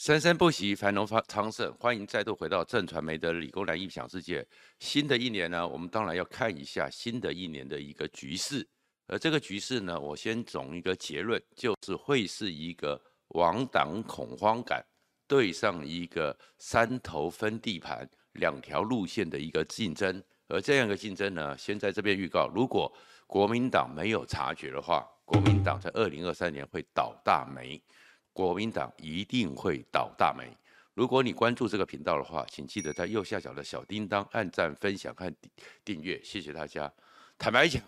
生生不息，繁榮昌盛。歡迎再度回到震傳媒的理工男的異想世界。新的一年呢，我們當然要看一下新的一年的一個局勢。而這個局勢呢，我先總一個結論，就是會是一個亡黨恐慌感對上一個三頭分地盤、兩條路線的一個競爭。而這樣一個競爭呢，先在這邊預告：如果國民黨沒有察覺的話，國民黨在二零二三年會倒大霉。國民黨一定會倒大霉。如果你關注這個頻道的話，請記得在右下角的小叮當按讚、分享和訂閱，謝謝大家。坦白講，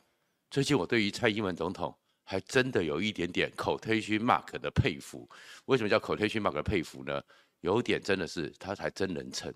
最近我對於蔡英文總統還真的有一點點口推胸罵的佩服。為什麼叫口推胸罵的佩服呢？有點真的是他才真能撐，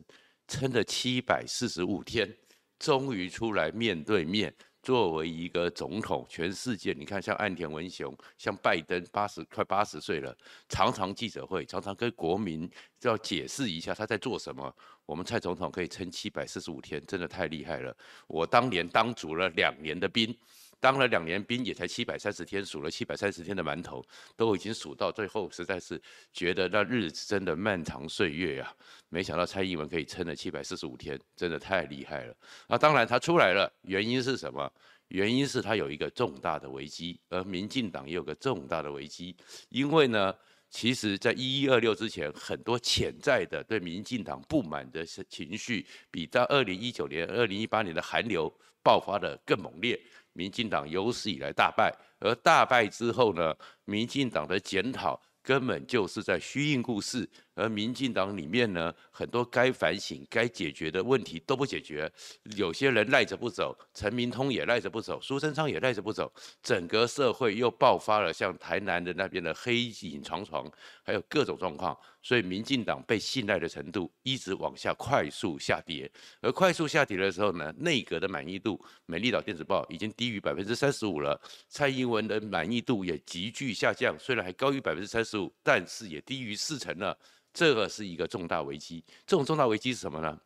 撐了七百四十五天，終於出來面對面。作為一個總統，全世界你看，像岸田文雄，像拜登，八十快八十歲了，常常記者會，常常跟國民要解釋一下他在做什麼。我們蔡總統可以撐七百四十五天，真的太厲害了。我當年當足了兩年的兵。當了兩年兵也才七百三十天，數了七百三十天的饅頭，都已經數到最後，實在是覺得那日子真的漫長歲月啊！沒想到蔡英文可以撐了七百四十五天，真的太厲害了。那當然，他出來了，原因是什麼？原因是他有一個重大的危機，而民進黨也有個重大的危機。因為呢，其實，在一一二六之前，很多潛在的對民進黨不滿的情緒，比在二零一九年、二零一八年的寒流爆發得更猛烈。民進黨有史以來大敗，而大敗之後呢，民進黨的檢討根本就是在虛應故事。而民進黨裡面呢，很多該反省、該解決的問題都不解決，有些人賴着不走，陳明通也賴着不走，蘇貞昌也賴着不走，整個社會又爆發了像台南的那邊的黑影幢幢，還有各種狀況，所以民進黨被信賴的程度一直往下快速下跌。而快速下跌的時候呢，內閣的滿意度，美麗島電子報已經低於百分之三十五了，蔡英文的滿意度也急劇下降，雖然還高於百分之三十五，但是也低於四成了。這個是一個重大危機，這種重大危機是什麼呢？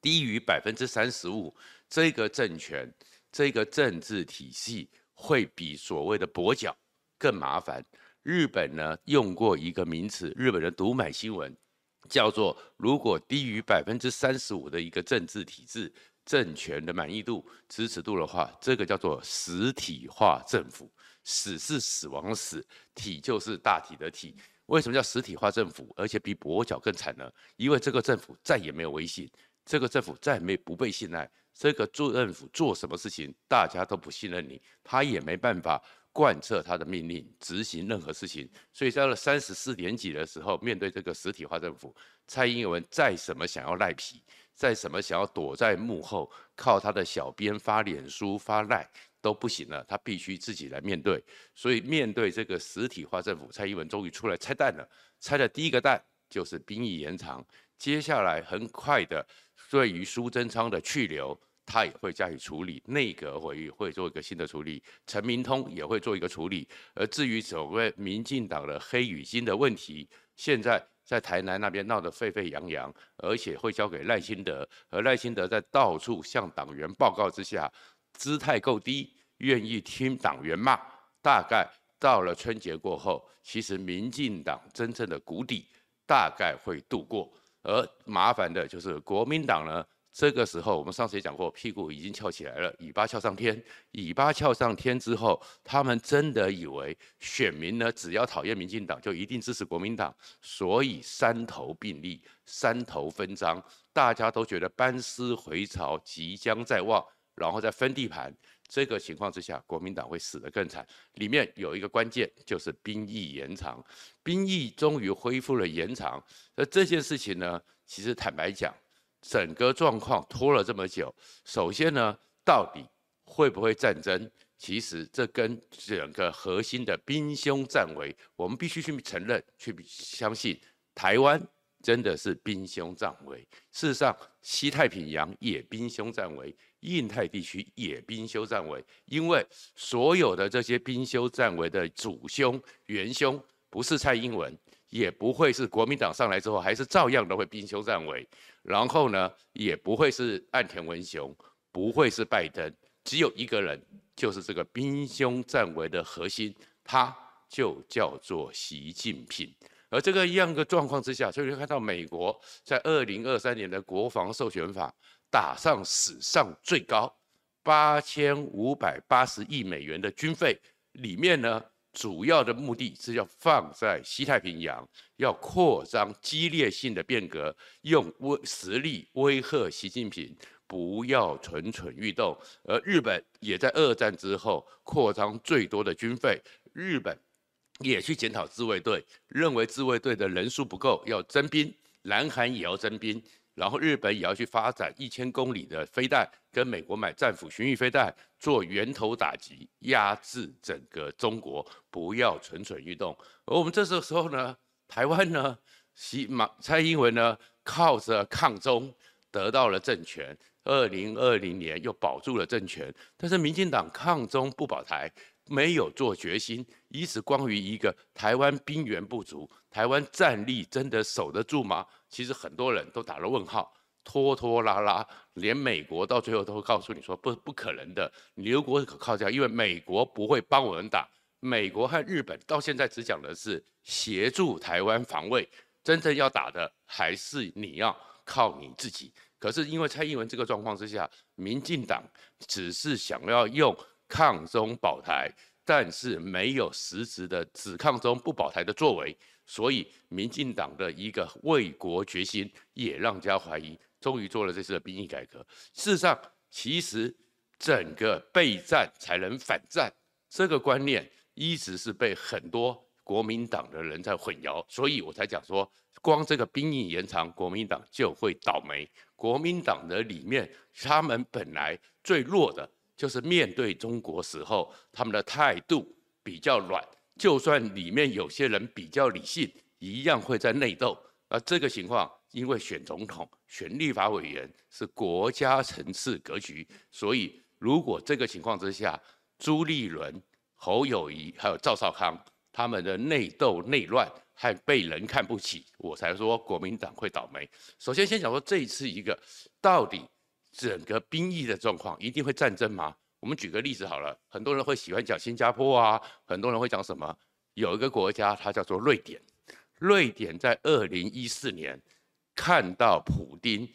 低於百分之三十五，這個政權、這個政治體系會比所謂的跛腳更麻煩。日本呢，用過一個名詞，日本的讀賣新聞，叫做如果低於百分之三十五的一個政治體制、政權的滿意度、支持度的話，這個叫做死體化政府，死是死亡的死，體就是大體的體。為什麼叫實體化政府？而且比跛腳更慘呢？因為這個政府再也沒有威信，這個政府再也沒不被信賴，這個做政府做什麼事情，大家都不信任你，他也沒辦法貫徹他的命令，執行任何事情。所以到了三十四點幾的時候，面對這個實體化政府，蔡英文再什麼想要賴皮，再什麼想要躲在幕後，靠他的小編發臉書發賴。都不行了，他必須自己來面對。所以面對這個實體化政府，蔡英文終於出來拆彈了。拆的第一個彈就是兵役延長，接下來很快的，對於蘇貞昌的去留，他也會加以處理。內閣會議會做一個新的處理，陳明通也會做一個處理。而至於所謂民進黨的黑與金的問題，現在在台南那邊鬧得沸沸揚揚，而且會交給賴清德，而賴清德在到處向黨員報告之下。姿態夠低，願意聽黨員罵。大概到了春節過後，其實民進黨真正的谷底大概會度過。而麻煩的就是國民黨呢，這個時候我們上次也講過，屁股已經翹起來了，尾巴翹上天。尾巴翹上天之後，他們真的以為選民呢，只要討厭民進黨，就一定支持國民黨。所以三頭並立，三頭分贓，大家都覺得班師回朝即將在望。然後再分地盤，這個情況之下，國民黨會死得更慘。裡面有一個關鍵，就是兵役延長。兵役終於恢復了延長，那這件事情呢，其實坦白講，整個狀況拖了這麼久。首先呢，到底會不會戰爭？其實這跟整個核心的兵凶戰危，我們必須去承認、去相信，台灣，真的是兵凶戰危。事實上，西太平洋也兵凶戰危，印太地區也兵凶戰危。因為所有的這些兵凶戰危的主凶、元凶，不是蔡英文，也不會是國民黨上來之後，還是照樣都會兵凶戰危。然後呢，也不會是岸田文雄，不會是拜登。只有一個人，就是這個兵凶戰危的核心，他就叫做習近平。而這個一樣的狀況之下，所以就看到美國在二零二三年的國防授權法打上史上最高八千五百八十億美元的軍費，裡面呢，主要的目的是要放在西太平洋，要擴張激烈性的變革，用威實力威嚇習近平不要蠢蠢欲動。而日本也在二戰之後擴張最多的軍費，日本。也去檢討自衛隊，認為自衛隊的人數不夠，要徵兵，南韓也要徵兵，然後日本也要去發展一千公里的飛彈，跟美國買戰斧巡弋飛彈，做源頭打擊，壓制整個中國，不要蠢蠢欲動。而我們這時候呢，台灣呢，馬，蔡英文呢，靠着抗中得到了政權，二零二零年又保住了政權，但是民進黨抗中不保台。沒有做決心，因此關於一個台灣兵源不足，台灣戰力真的守得住嗎？其實很多人都打了問號。拖拖拉拉，連美國到最後都會告訴你說不，不可能的，你如果可靠這樣，因為美國不會幫我們打。美國和日本到現在只講的是協助台灣防衛，真正要打的還是你要靠你自己。可是因為蔡英文這個狀況之下，民進黨只是想要用。抗中保台，但是沒有實質的只抗中不保台的作為，所以民進黨的一個為國決心也讓家懷疑。終於做了這次的兵役改革，事實上，其實整個備戰才能反戰這個觀念，一直是被很多國民黨的人在混淆，所以我才講說，光這個兵役延長，國民黨就會倒霉。國民黨的裡面，他們本來最弱的。就是面對中國時候，他們的態度比較軟，就算裡面有些人比較理性，一樣會在內鬥。而這個情況，因為選總統、選立法委員是國家層次格局，所以如果這個情況之下，朱立倫、侯友宜還有趙少康他們的內鬥內亂還被人看不起，我才說國民黨會倒霉。首先先講說這一次一個到底。整個兵役的狀況一定會戰爭嗎？我們舉個例子好了，很多人會喜歡講新加坡啊，很多人會講什麼？有一個國家，它叫做瑞典。瑞典在二零一四年看到普丁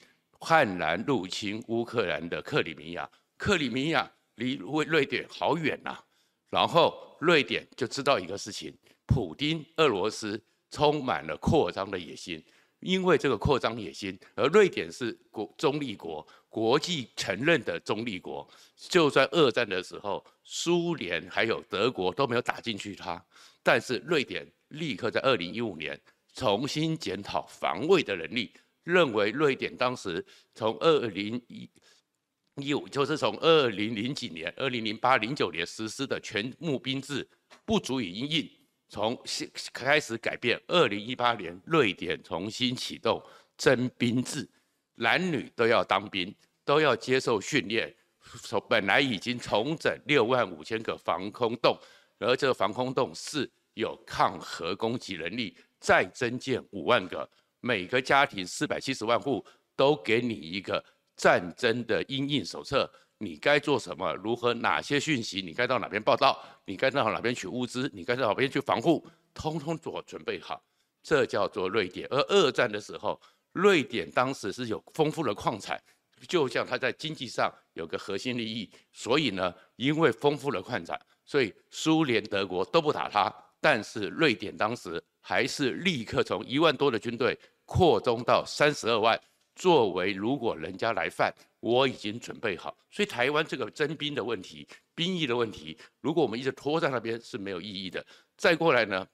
悍然入侵烏克蘭的克里米亞，克里米亞離瑞瑞典好遠吶、啊。然後瑞典就知道一個事情，普丁俄羅斯充滿了擴張的野心，因為這個擴張野心，而瑞典是國中立國。國際承認的中立國，就在二戰的時候，蘇聯還有德國都沒有打進去它，但是瑞典立刻在二零一五年重新檢討防衛的能力，認為瑞典當時從二零一五，就是從二零零幾年、二零零八、零九年實施的全募兵制不足以因應，從新開始改變。二零一八年，瑞典重新啟動徵兵制。男女都要當兵，都要接受訓練。本來已經重整六萬五千個防空洞，而這個防空洞是有抗核攻擊能力。再增建五萬個，每個家庭四百七十萬戶都給你一個戰爭的因應手冊。你該做什麼？如何？哪些訊息？你該到哪邊報到？你該到哪邊取物資？你該到哪邊去防護？通通做準備好。這叫做瑞典。而二戰的時候。瑞典當時是有豐富的礦產，就像他在經濟上有個核心利益，所以呢，因為豐富的礦產，所以蘇聯、德國都不打他。但是瑞典當時還是立刻從一萬多的軍隊擴充到三十二萬，作為如果人家來犯，我已經準備好。所以台灣這個徵兵的問題、兵役的問題，如果我們一直拖在那邊是沒有意義的。再過來呢，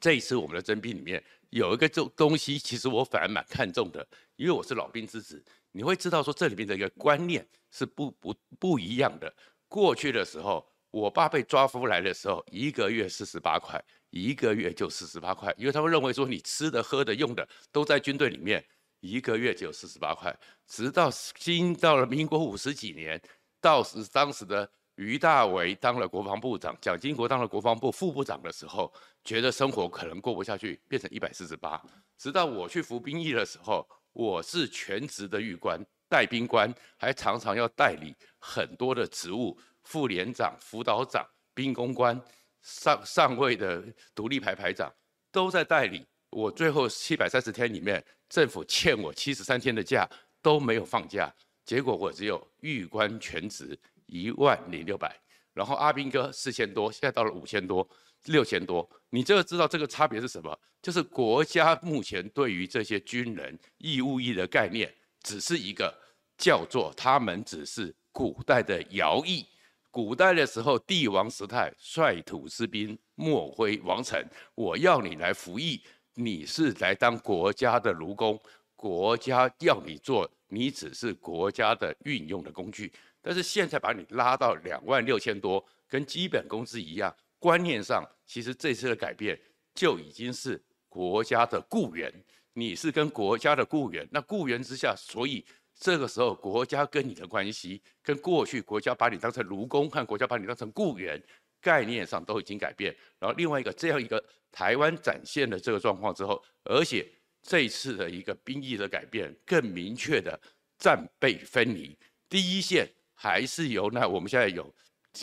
這一次我們的徵兵裡面。有一個這東西，其實我反而蠻看重的，因為我是老兵之子，你會知道說這裡面的一個觀念是不不不一樣的。過去的時候，我爸被抓伕來的時候，一個月四十八塊，一個月就四十八塊，因為他們認為說你吃的、喝的、用的都在軍隊裡面，一個月就四十八塊。直到今到了民國五十幾年，到時當時的。俞大維當了國防部長，蔣經國當了國防部副部長的時候，覺得生活可能過不下去，變成一百四十八。直到我去服兵役的時候，我是全職的預官，帶兵官還常常要代理很多的職務，副連長、輔導長、兵工官、上上尉的獨立排排長都在代理。我最後七百三十天裡面，政府欠我七十三天的假都沒有放假，結果我只有預官全職。一萬零六百，然後阿兵哥四千多，現在到了五千多、六千多。你這個知道這個差別是什麼？就是國家目前對於這些軍人義務役的概念，只是一個叫做他們只是古代的徭役。古代的時候，帝王時代率土之濱，莫非王臣。我要你來服役，你是來當國家的奴工，國家要你做，你只是國家的運用的工具。但是現在把你拉到兩萬六千多，跟基本工資一樣，觀念上其實這次的改變就已經是國家的僱員，你是跟國家的僱員。那僱員之下，所以這個時候國家跟你的關係，跟過去國家把你當成奴工，和國家把你當成僱員，概念上都已經改變。然後另外一個這樣一個台灣展現了這個狀況之後，而且這次的一個兵役的改變，更明確的戰備分離，第一線。還是由那我們現在有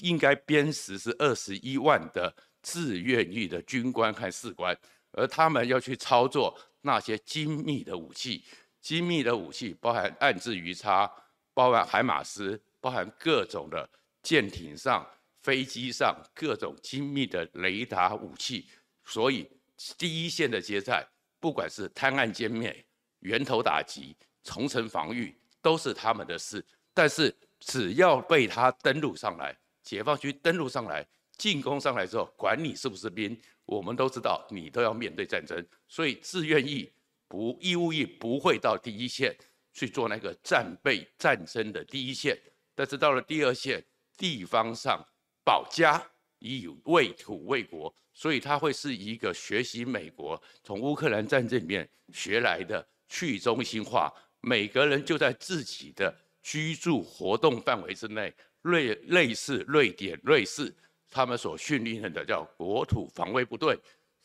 應該編制是二十一萬的志願役的軍官和士官，而他們要去操作那些精密的武器，精密的武器包含岸置魚叉，包含海馬斯，包含各種的艦艇上、飛機上各種精密的雷達武器。所以第一線的接戰，不管是灘岸殲滅、源頭打擊、重層防禦，都是他們的事。但是只要被他登陸上來，解放軍登陸上來，進攻上來之後，管你是不是兵，我們都知道你都要面對戰爭，所以自願役，不，義務役不會到第一線去做那個戰備戰爭的第一線，但是到了第二線，地方上保家以衛土衛國，所以他會是一個學習美國從烏克蘭戰爭裡面學來的去中心化，每個人就在自己的。居住活動範圍之內，瑞類似瑞、瑞典、瑞士，他們所訓練的叫國土防衛部隊。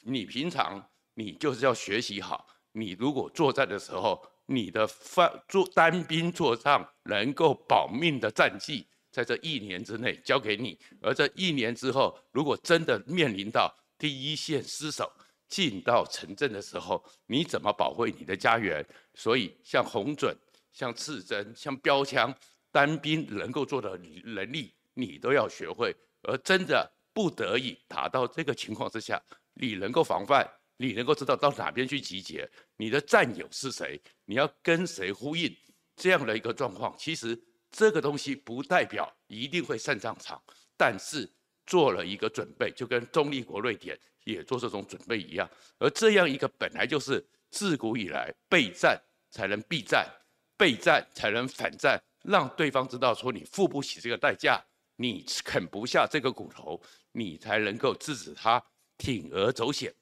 你平常你就是要學習好，你如果作戰的時候，你的發作單兵作戰能夠保命的戰績，在這一年之內交給你。而這一年之後，如果真的面臨到第一線失守，進到城鎮的時候，你怎麼保衛你的家園？所以像洪準。像刺針、像標槍，單兵能夠做的能力，你都要學會。而真的不得已打到這個情況之下，你能夠防範，你能夠知道到哪邊去集結，你的戰友是誰，你要跟誰呼應，這樣的一個狀況，其實這個東西不代表一定會上戰場，但是做了一個準備，就跟中立國瑞典也做這種準備一樣。而這樣一個本來就是自古以來備戰才能避戰。備戰才能反戰，讓對方知道說你付不起這個代價，你啃不下這個骨頭，你才能夠制止他鋌而走險。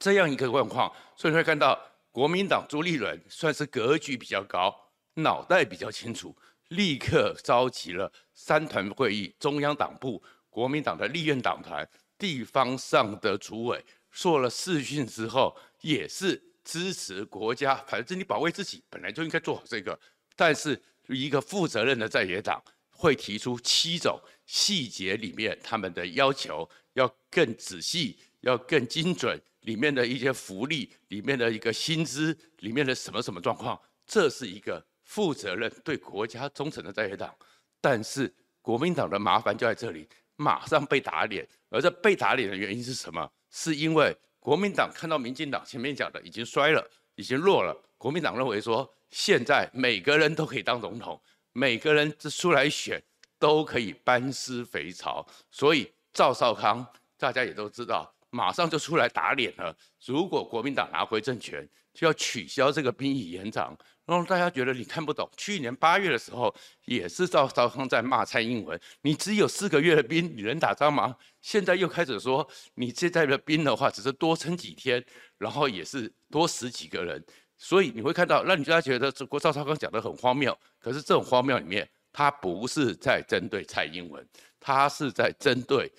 這樣一個狀況，所以會看到國民黨朱立倫算是格局比較高，腦袋比較清楚，立刻召集了三團會議，中央黨部、國民黨的立院黨團、地方上的主委，做了視訊之後，也是。支持國家，反正你保衛自己本來就應該做好這個。但是一個負責任的在野黨會提出七種細節裡面他們的要求，要更仔細，要更精準，裡面的一些福利，裡面的一個薪資，裡面的什麼什麼狀況，這是一個負責任、對國家忠誠的在野黨。但是國民黨的麻煩就在這裡，馬上被打臉，而這被打臉的原因是什麼？是因為。國民黨看到民進黨前面講的已經衰了，已經弱了。國民黨認為說，現在每個人都可以當總統，每個人出來選都可以班師回朝。所以趙少康，大家也都知道，馬上就出來打臉了。如果國民黨拿回政權，就要取消這個兵役延長。讓大家覺得你看不懂。去年八月的時候，也是趙少康在罵蔡英文：“你只有四個月的兵，你能打仗嗎？”現在又開始說：“你現在的兵的話，只是多撐幾天，然後也是多死幾個人。”所以你會看到，讓大家覺得這趙少康講的很荒謬。可是這種荒謬裡面，他不是在針對蔡英文，他是在針對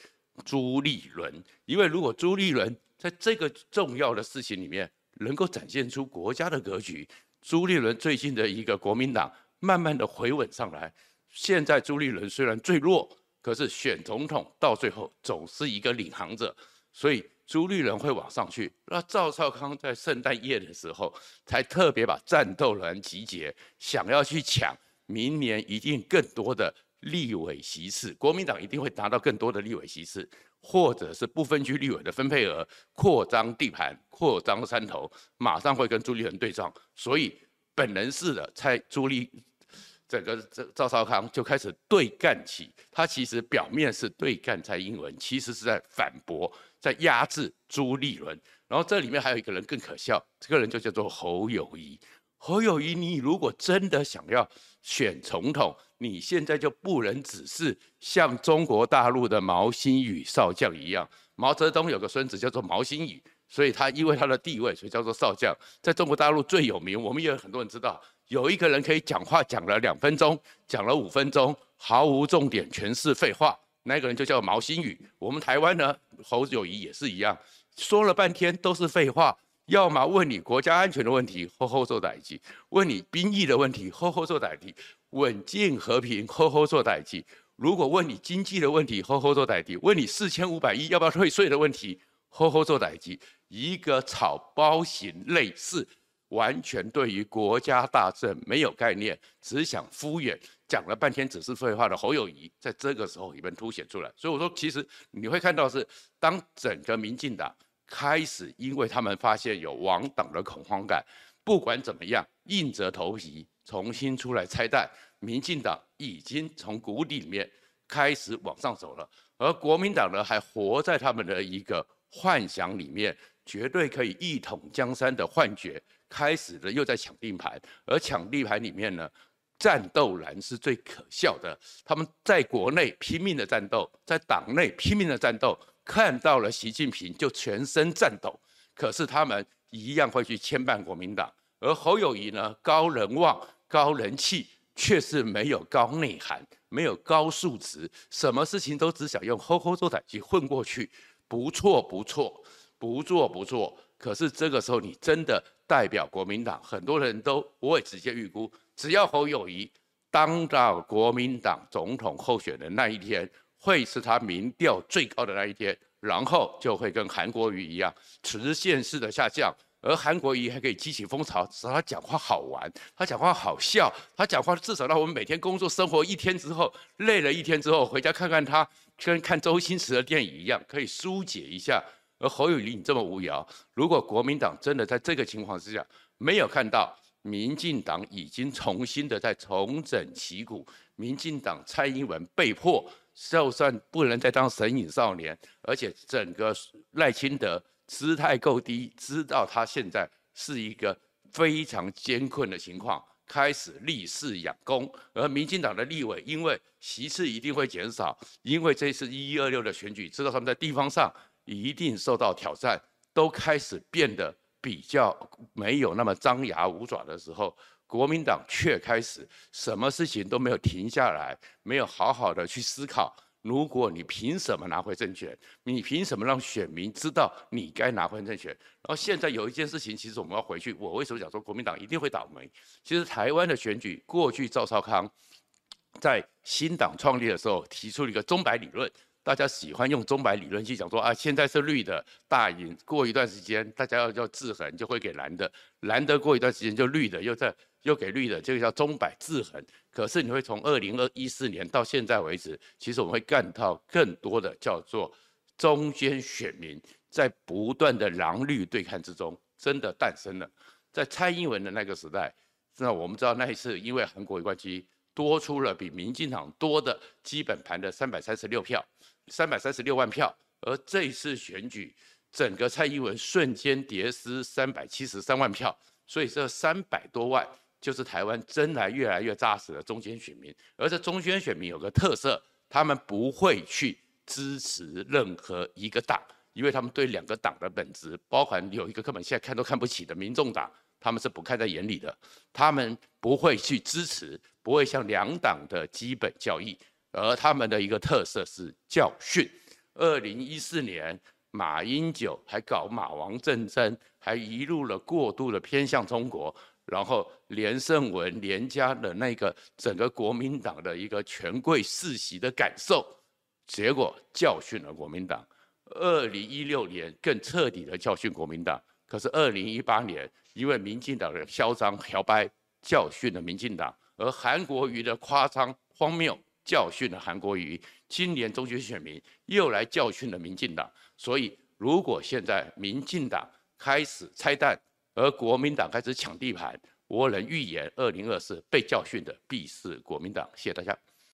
朱立倫。因為如果朱立倫在這個重要的事情裡面，能夠展現出國家的格局。朱立倫最近的一個國民黨慢慢的回穩上來，現在朱立倫雖然最弱，可是選總統到最後總是一個領航者，所以朱立倫會往上去。那趙少康在聖誕夜的時候才特別把戰鬥藍集結，想要去搶明年一定更多的。立委席次，國民黨一定會拿到更多的立委席次，或者是不分區立委的分配額，擴張地盤、擴張山頭，馬上會跟朱立倫對撞。所以，本人式的蔡朱立，這個趙趙少康就開始對幹起。他其實表面是對幹蔡英文，其實是在反駁、在壓制朱立倫，然後這裡面還有一個人更可笑，這個人就叫做侯友宜。侯友宜，你如果真的想要選總統，你現在就不能只是像中國大陸的毛新宇少將一樣。毛澤東有個孫子叫做毛新宇，所以他因為他的地位，所以叫做少將，在中國大陸最有名。我們也有很多人知道，有一個人可以講話講了兩分鐘，講了五分鐘，毫無重點，全是廢話。那個人就叫毛新宇。我們台灣呢，侯友宜也是一樣，說了半天都是廢話。要麼問你國家安全的問題，吼吼做代擊。問你兵役的問題，吼吼做代擊。穩健和平，吼吼做代擊。如果問你經濟的問題，吼吼做代擊。問你四千五百億要不要退稅的問題，吼吼做代擊。一個草包型類似，完全對於國家大政沒有概念，只想敷衍，講了半天只是廢話的侯友宜，在這個時候裡面凸顯出來。所以我說，其實你會看到是當整個民進黨。開始，因為他們發現有亡黨的恐慌感，不管怎麼樣，硬着頭皮重新出來拆彈。民進黨已經從谷底裡面開始往上走了，而國民黨呢，還活在他們的一個幻想裡面，絕對可以一統江山的幻覺。開始了，又在搶地盤，而搶地盤裡面呢，戰鬥藍是最可笑的。他們在國內拼命的戰鬥，在黨內拼命的戰鬥。看到了習近平就全身顫抖，可是他們一樣會去牽絆國民黨。而侯友宜呢，高人望、高人氣，卻是沒有高內涵、沒有高素質，什麼事情都只想用呵呵作態去混過去，不錯不錯，不錯不錯。可是這個時候你真的代表國民黨，很多人都不會直接預估。只要侯友宜當到國民黨總統候選人的那一天。會是他民調最高的那一天，然後就會跟韓國瑜一樣直線式的下降，而韓國瑜還可以激起風潮，至少他講話好玩，他講話好笑，他講話至少讓我們每天工作生活一天之後累了一天之後回家看看他，跟看周星馳的電影一樣可以紓解一下。而侯友宜你這麼無聊，如果國民黨真的在這個情況之下沒有看到民進黨已經重新的在重整旗鼓，民進黨蔡英文被迫。就算不能再當神隱少年，而且整個賴清德姿態夠低，知道他現在是一個非常艱困的情況，開始立誓養功。而民進黨的立委，因為席次一定會減少，因為這次一一二六的選舉，知道他們在地方上一定受到挑戰，都開始變得比較沒有那麼張牙舞爪的時候。國民黨卻開始什麼事情都沒有停下來，沒有好好的去思考。如果你憑什麼拿回政權？你憑什麼讓選民知道你該拿回政權？然後現在有一件事情，其實我們要回去。我為什麼講說國民黨一定會倒霉？其實台灣的選舉，過去趙少康在新黨創立的時候提出了一個鐘擺理論。大家喜歡用鐘擺理論去講說啊，現在是綠的大贏，過一段時間大家要叫制衡，就會給藍的，藍的過一段時間就綠的，又再又給綠的，這個叫鐘擺制衡。可是你會從二零一四年到現在為止，其實我們會看到更多的叫做中間選民在不斷的藍綠對抗之中真的誕生了。在蔡英文的那個時代，那我們知道那一次因為韓國瑜關係。多出了比民進黨多的基本盤的三百三十六票，三百三十六萬票。而這次選舉，整個蔡英文瞬間跌失三百七十三萬票，所以這三百多萬就是台灣真來越來越扎實的中間選民。而這中間選民有個特色，他們不會去支持任何一個黨，因為他們對兩個黨的本質，包含有一個根本現在看都看不起的民眾黨。他們是不看在眼裡的，他們不會去支持，不會像兩黨的基本教義。而他們的一個特色是教訓。二零一四年，馬英九還搞馬王政爭，還一路了過度的偏向中國，然後連勝文連加了那個整個國民黨的一個權貴世襲的感受，結果教訓了國民黨。二零一六年更徹底的教訓國民黨，可是二零一八年。因為民進黨的囂張調白教訓了民進黨，而韓國瑜的誇張荒謬教訓了韓國瑜。今年中學選民又來教訓了民進黨。所以，如果現在民進黨開始拆彈，而國民黨開始搶地盤，我能預言，二零二四被教訓的必是國民黨。謝謝大家。